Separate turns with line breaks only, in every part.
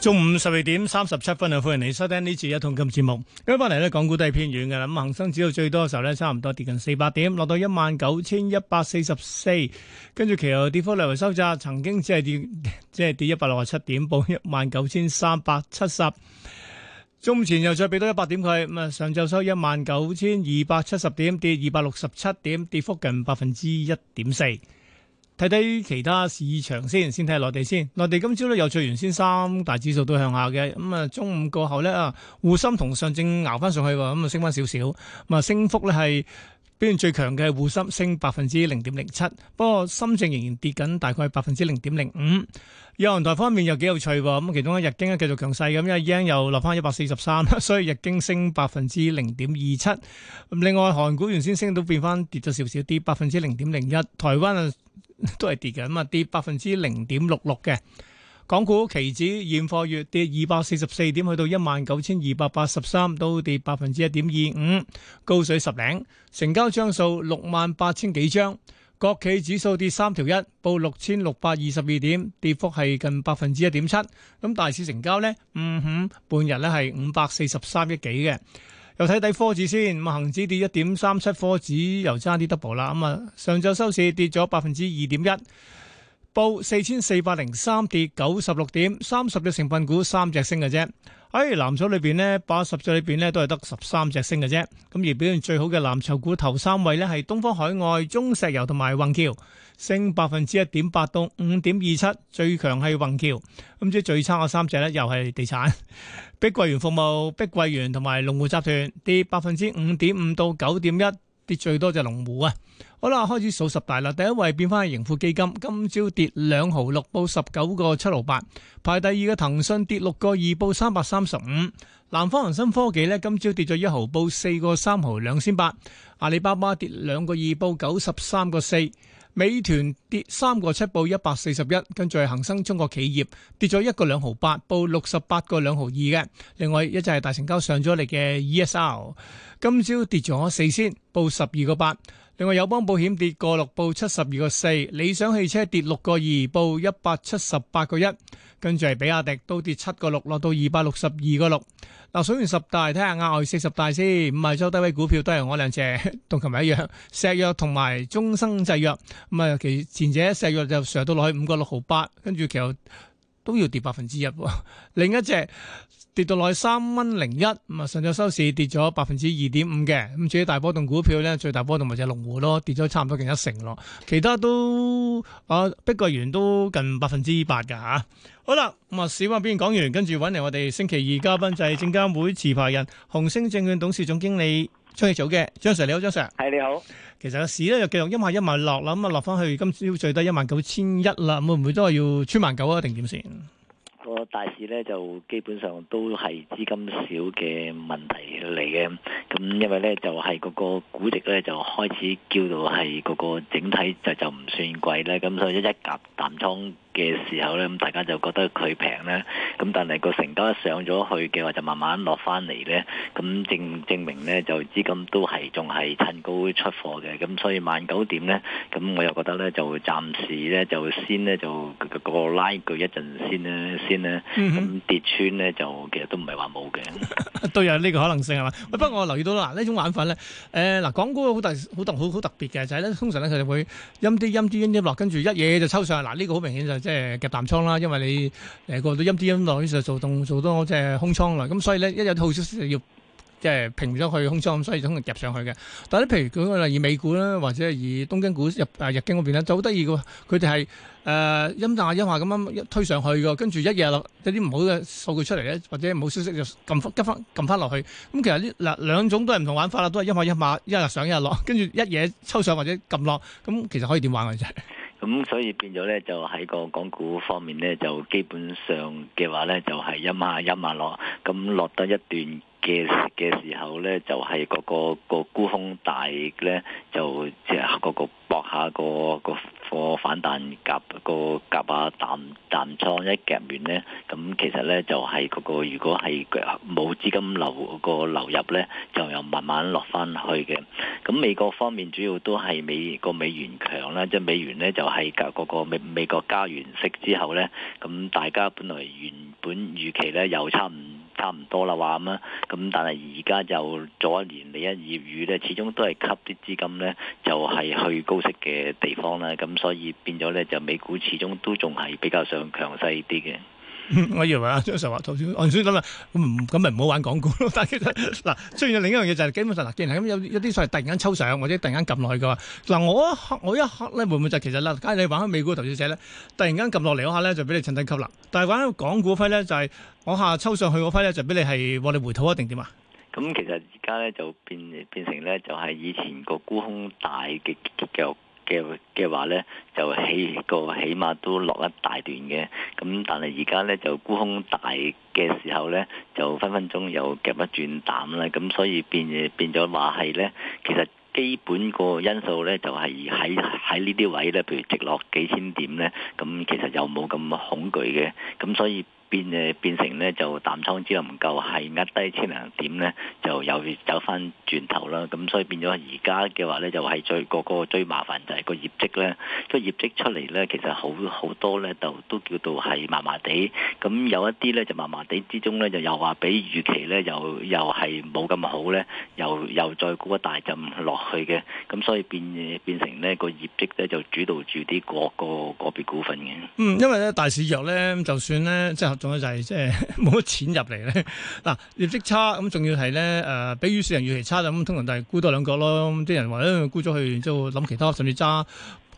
中午十二點三十七分啊，歡迎你收聽呢次一桶金節目。今日翻嚟咧，港股低偏軟嘅，咁恒生指數最多嘅時候咧，差唔多跌近四百點，落到一萬九千一百四十四，跟住其後跌幅略微收窄，曾經只係跌，即係跌一百六十七點，報一萬九千三百七十。中午前又再俾多一百點佢，咁啊，上晝收一萬九千二百七十點，跌二百六十七點，跌幅近百分之一點四。睇睇其他市場先，先睇下內地先。內地今朝咧又再完先三，三大指數都向下嘅。咁啊，中午過後咧啊，滬深同上證熬翻上去喎，咁啊升翻少少。咁啊，升幅咧係。表現最強嘅滬深升百分之零點零七，不過深圳仍然跌緊，大概百分之零點零五。日韓台方面又幾有趣，咁其中日繼一日經咧繼續強勢，咁因為日英又落翻一百四十三，所以日經升百分之零點二七。另外，韓股原先升都變翻跌咗少少，跌百分之零點零一。台灣都係跌緊，咁啊跌百分之零點六六嘅。港股期指現貨月跌二百四十四點，去到一萬九千二百八十三，都跌百分之一點二五，高水十零，成交張數六萬八千幾張。國企指數跌三條一，報六千六百二十二點，跌幅係近百分之一點七。咁大市成交呢？嗯哼，半日咧係五百四十三億幾嘅。又睇睇科指先，咁恆指跌一點三七，科指又差啲 double 啦。咁啊，上晝收市跌咗百分之二點一。報四千四百零三跌九十六點，三十隻成分股三隻升嘅啫。哎，喺藍籌裏邊呢，八十隻裏邊呢都係得十三隻升嘅啫。咁而表現最好嘅藍籌股頭三位呢，係東方海外、中石油同埋宏橋，升百分之一點八到五點二七，最強係宏橋。咁即係最差嘅三隻呢，又係地產，碧桂園服務、碧桂園同埋龍湖集團跌百分之五點五到九點一。跌最多就龍湖啊！好啦，開始數十大啦。第一位變翻係盈富基金，今朝跌兩毫六，報十九個七毫八。排第二嘅騰訊跌六個二，報三百三十五。南方恒生科技呢，今朝跌咗一毫，報四個三毫兩千八。阿里巴巴跌兩個二，報九十三個四。美團跌三個七，報一百四十一，跟住恒生中國企業跌咗一個兩毫八，報六十八個兩毫二嘅。另外一隻係大成交上咗嚟嘅 ESL，今朝跌咗四仙，報十二個八。另外友邦保險跌個六，報七十二個四；理想汽車跌六個二，報一百七十八個一。跟住係比亞迪都跌七個六，落到二百六十二個六。嗱，數完十大，睇下額外四十大先。唔係周低位股票都係我兩隻，同琴日一樣。石藥同埋中生製藥，咁啊其前者石藥就上到落去五個六毫八，跟住其實都要跌百分之一。另一隻。跌到落去三蚊零一，咁啊，上晝收市跌咗百分之二點五嘅，咁至於大波動股票咧，最大波動咪就係龍湖咯，跌咗差唔多近一成咯，其他都啊碧桂園都近百分之八噶吓。好啦，咁啊市話邊講完，跟住搵嚟我哋星期二嘉賓就係證監會持牌人、紅星證券董事總經理張益祖嘅，張 Sir 你好，張 Sir。係，你好。其實個市咧又繼續陰下一陰下落，咁啊落翻去今朝最低一萬九千一啦，咁會唔會都係要穿萬九啊？定點先？
個大市咧就基本上都係資金少嘅問題嚟嘅，咁因為咧就係、是、嗰個估值，咧就開始叫做係嗰個整體就就唔算貴啦，咁所以一夾淡倉嘅時候咧，咁大家就覺得佢平咧，咁但係個成交一上咗去嘅話，就慢慢落翻嚟咧，咁證證明咧就資金都係仲係趁高出貨嘅，咁所以晚九點咧，咁我又覺得咧就暫時咧就先咧就個拉鋸一陣先咧，先咧，咁、嗯哼嗯、跌穿咧就其實都唔係話冇嘅，
都有呢個可能性係嘛？不過我留意到嗱呢種玩法咧，誒嗱港股好大好特好好特別嘅就係咧，通常咧佢哋會陰啲陰啲陰啲落，跟住一嘢就抽上，嗱、這、呢個好明顯就是。即係入淡倉啦，因為你誒個陰跌陰落，於是做動做多即係空倉啦。咁所以咧，一有好消息要即係平咗去空倉，所以先入入上去嘅。但係咧，譬如佢例如美股咧，或者係以東京股入日經嗰邊咧，就好得意嘅。佢哋係誒陰下陰下咁樣推上去嘅，跟住一夜落有啲唔好嘅數據出嚟咧，或者唔好消息就撳急翻撳翻落去。咁其實嗱兩種都係唔同玩法啦，都係一買一賣，一日上一日落，跟住一夜抽上或者撳落，咁其實可以點玩嘅啫？咁所以
變咗咧，就喺個港股方面咧，就基本上嘅話咧，就係、是、一馬一馬落，咁落到一段嘅嘅時候咧，就係、是、嗰、那個個沽空大咧，就即係嗰個搏下個、那個。蛋夾個夾下淡淡倉一夾完呢，咁其實呢就係嗰個，如果係冇資金流個流入呢，就又慢慢落翻去嘅。咁美國方面主要都係美個美元強啦，即係美元呢就係夾嗰個美美國加完息之後呢。咁大家本來原本預期呢，又差唔。差唔多啦，話咁啊，咁但係而家就做一年你一業餘咧，始終都係吸啲資金咧，就係去高息嘅地方啦，咁所以變咗咧就美股始終都仲係比較想強勢啲嘅。
嗯、我以為阿張叔話頭先，我頭先諗啦，咁唔咁咪唔好玩港股咯。但係其實嗱，雖然另一樣嘢就係、是、基本上嗱，既然咁有有啲係突然間抽上，或者突然間撳落去嘅話，嗱我一我一刻咧會唔會就是、其實嗱，假如你玩喺美股投資者咧，突然間撳落嚟嗰下咧就俾你趁低吸納，但係玩喺港股嗰批咧就係、是、我下抽上去嗰批咧就俾你係獲利回吐一定點啊？
咁其實而家咧就變變成咧就係以前個沽空大嘅結構。嘅嘅話呢，就起個起碼都落一大段嘅，咁但係而家呢，就沽空大嘅時候呢，就分分鐘又夾一轉膽啦，咁所以變變咗話係呢，其實基本個因素呢，就係喺喺呢啲位呢，譬如直落幾千點呢，咁其實又冇咁恐懼嘅，咁所以。變誒變成咧就淡倉資量唔夠，係壓低千零點咧，就又走翻轉頭啦。咁所以變咗而家嘅話咧，就係最個個最麻煩就係個業績咧。個業績出嚟咧，其實好好多咧，就都，都叫做係麻麻地。咁有一啲咧就麻麻地之中咧，就又話比預期咧又又係冇咁好咧，又又，又，又再沽一大浸落去嘅。咁所以變變成咧、個業績咧就主導住啲、個、個、個別股份嘅。嗯，
因為咧大市弱咧，就算咧即係。仲有就係即係冇乜錢入嚟咧，嗱、啊、業績差咁，仲、嗯、要係咧誒，比預算人預期差咁、嗯、通常就係沽多兩個咯。啲、嗯、人話沽咗佢，然之後諗其他，甚至揸誒、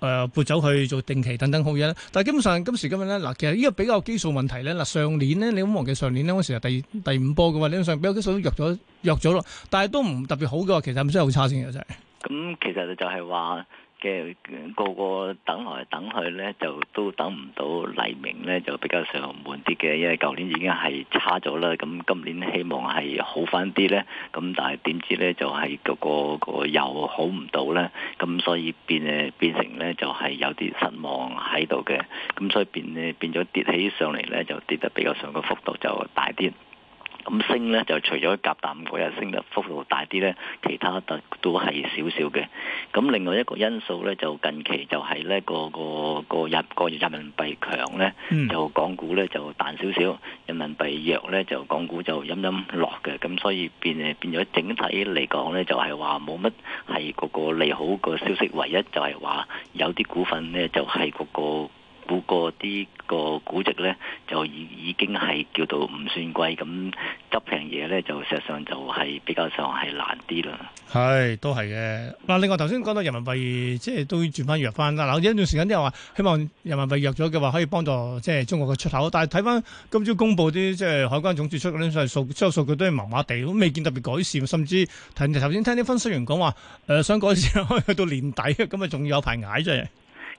呃、撥走去做定期等等好嘢咧。但係基本上今時今日咧，嗱其實呢個比較基數問題咧，嗱、啊、上年咧，你唔好忘記上年咧嗰時係第第五波嘅話，你上比較基數都弱咗弱咗咯，但係都唔特別好嘅話，其實唔知係咪差先嘅就啫、是。
咁其實就係、是、話。嘅個個等來等去呢，就都等唔到黎明呢，就比較上悶啲嘅。因為舊年已經係差咗啦，咁今年希望係好翻啲呢，咁但係點知呢，就係個個又好唔到呢。咁所以變誒變成呢，就係有啲失望喺度嘅，咁所以變咧變咗跌起上嚟呢，就跌得比較上個幅度就大啲。咁升咧就除咗夾淡嗰日升得幅度大啲咧，其他都都係少少嘅。咁另外一個因素咧就近期就係咧、個、個個日、個人民幣強咧，就港股咧就彈少少；人民幣弱咧就港股就陰陰落嘅。咁所以變誒變咗整體嚟講咧就係話冇乜係個個利好個消息，唯一就係話有啲股份咧就係、個個。估過啲個估值咧，就已已經係叫做唔算貴，咁執平嘢咧就事實上就係比較上係難啲啦。
係，都係嘅。嗱，另外頭先講到人民幣，即係都轉翻弱翻啦。嗱，有一段時間都有話希望人民幣弱咗嘅話，可以幫助即係中國嘅出口。但係睇翻今朝公布啲即係海關總署出嗰啲數，將數據都麻麻地，都未見特別改善。甚至頭頭先聽啲分析員講話，誒、呃、想改善可以去 到年底，咁啊仲有排捱啫。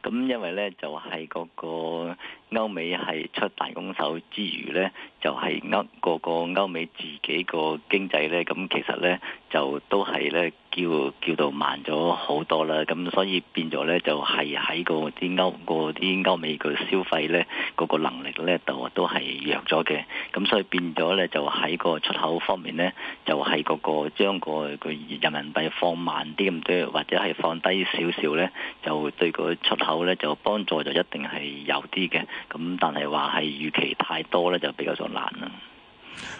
咁因為咧，就係嗰個。歐美係出大攻手之餘呢，就係、是、歐個個歐美自己個經濟呢，咁其實呢，就都係呢叫叫到慢咗好多啦。咁所以變咗呢，就係喺個啲歐個啲歐美個消費呢，嗰、那個能力呢度都係弱咗嘅。咁所以變咗呢，就喺個出口方面呢，就係、是、嗰個將個人民幣放慢啲咁多，或者係放低少少呢，就對個出口呢，就幫助就一定係有啲嘅。咁但係話係預期太多咧，就比較就難啦。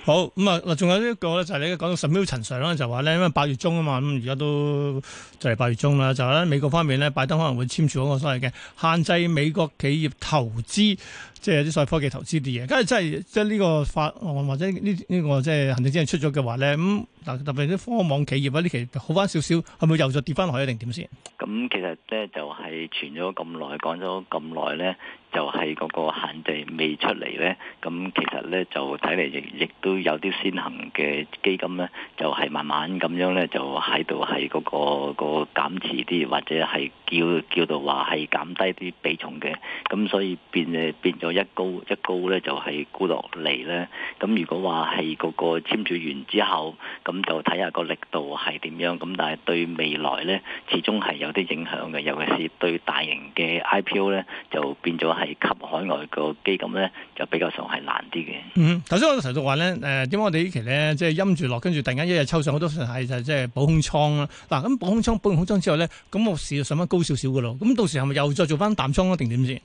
好咁啊，嗱、嗯，仲有呢一個咧，就係你講到神秒陳 Sir 啦，就話咧，因為八月中啊嘛，咁而家都就係八月中啦，就喺美國方面咧，拜登可能會簽署嗰、那個所謂嘅限制美國企業投資。即係有啲所謂科技投資啲嘢，咁啊真係即係呢個法案，或者呢呢個即係行政先人出咗嘅話咧，咁、嗯、特別特別啲科網企業咧，呢期好翻少少，係咪又再跌翻落去一定點先？
咁其實咧就係傳咗咁耐，講咗咁耐咧，就係、是、嗰個限制未出嚟咧，咁其實咧就睇嚟亦亦都有啲先行嘅基金咧，就係、是、慢慢咁樣咧，就喺度係嗰個個減持啲，或者係叫叫到話係減低啲比重嘅，咁所以變嘅變咗。一高一高咧就係沽落嚟咧，咁如果話係嗰個簽署完之後，咁就睇下個力度係點樣，咁但係對未來咧，始終係有啲影響嘅，尤其是對大型嘅 IPO 咧，就變咗係吸海外個基金咧，就比較上係難啲嘅。嗯，
頭先我提到話咧，誒、呃，點解我哋呢期咧即係陰住落，跟住突然間一日抽上好多係就即係補空倉啦、啊。嗱、啊，咁補空倉補完空倉之後咧，咁我市就上翻高少少噶咯咁到時係咪又再做翻淡倉啊，定點先？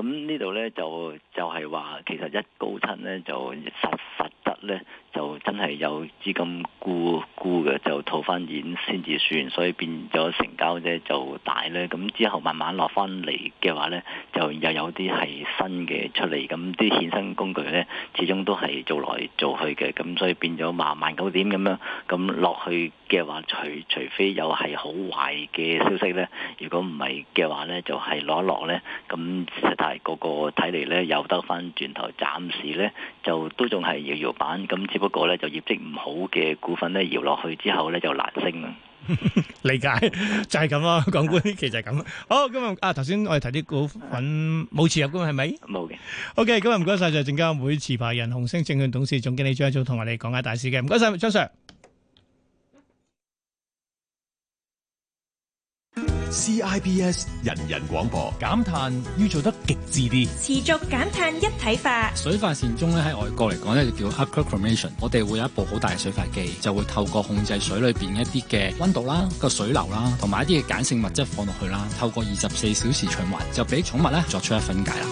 咁呢度呢，就就係話，其實一高七呢，就實實質呢，就真係有資金沽沽嘅，就套翻現先至算，所以變咗成，成交呢，就大呢。咁之後慢慢落翻嚟嘅話呢，就又有啲係新嘅出嚟，咁啲衍生工具呢，始終都係做來做去嘅，咁所以變咗萬萬九點咁樣，咁落去嘅話，除除非有係好壞嘅消息呢，如果唔係嘅話呢，就係攞落呢。咁實質。係個睇嚟咧，又得翻轉頭，暫時咧就都仲係搖搖板，咁只不過咧就業績唔好嘅股份咧搖落去之後咧就難升啦。
理解就係咁咯，港股其實係咁。好，今日啊，頭、哦、先、嗯啊、我哋睇啲股份冇持有嘅係咪？冇嘅。O K，咁啊，唔該晒，就證監會持牌人、紅星證券董事總經理張益祖同我哋講下大市嘅。唔該晒，張 Sir。CIBS 人人廣播，減碳要做得極致啲，
持續減碳一體化
水化善終咧。喺外國嚟講咧，就叫 hacermination。
我哋會有一部好大嘅水化機，就會透過控制水裏邊一啲嘅溫度啦、個水
流啦，同埋一啲嘅鹼性物質放落去啦。透過二十四小時循環，就俾寵物咧作出一分解啦。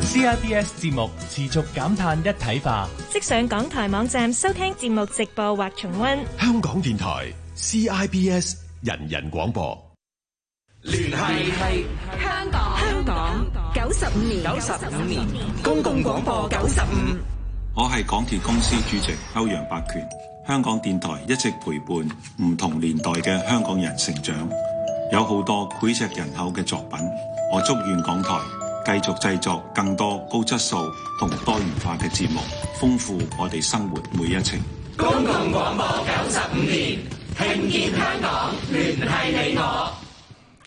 CIBS 節目持續減碳一體化，
即上港台網站收聽節目直播或重溫。
香港電台 CIBS 人、人人廣播。聯繫係香港，香港九十五年，九十五年公共廣播九十五。我係港鐵公
司主席歐陽百權。香港電台一直陪伴唔同年代嘅香港人成長，有好多膾炙人口嘅作品。我祝願港台繼續製作更多高質素同多元化嘅節目，豐富我哋生活每一程。
公共廣播九十五年，聽見香港，聯繫你我。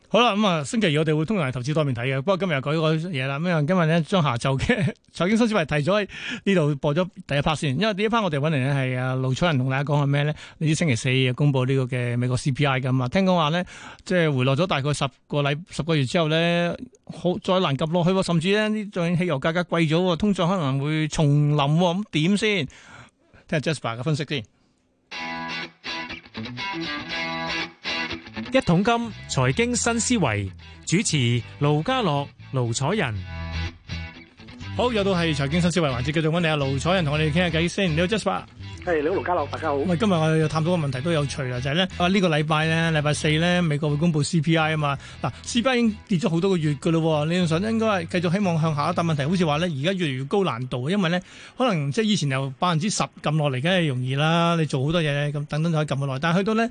好啦，咁、嗯、啊，星期二我哋會通常係投資多面睇嘅，不過今日又改個嘢啦。咁、嗯、啊，今日咧將下晝嘅財經新思維提咗喺呢度播咗第一 part 先，因為呢一 part 我哋揾嚟咧係啊盧楚人同大家講下咩咧？你知星期四啊公布呢個嘅美國 CPI 咁，啊、嗯，聽講話咧即係回落咗大概十個禮十個月之後咧，好再難及落去喎、啊，甚至呢，呢種汽油價格貴咗、啊，通脹可能會重臨、啊，咁點先？聽下 Jasper 嘅分析先。一桶金財經新思維主持盧家樂、盧彩仁，好又到係財經新思維環節，繼續揾你啊，盧彩仁同我哋傾下偈先。你好 Jasper，係你好，盧家樂，大家好。今日我哋又探討個問題都有趣啊，就係咧，啊呢個禮拜呢，禮拜四呢，美國會公布 CPI 啊嘛。嗱，CPI 已經跌咗好多個月噶咯，理論上應該繼續希望向下，但問題好似話呢而家越嚟越高難度，因為呢可能即係以前由百分之十撳落嚟，梗係容易啦，你做好多嘢咁等等就可以撳咁耐，但係去到呢。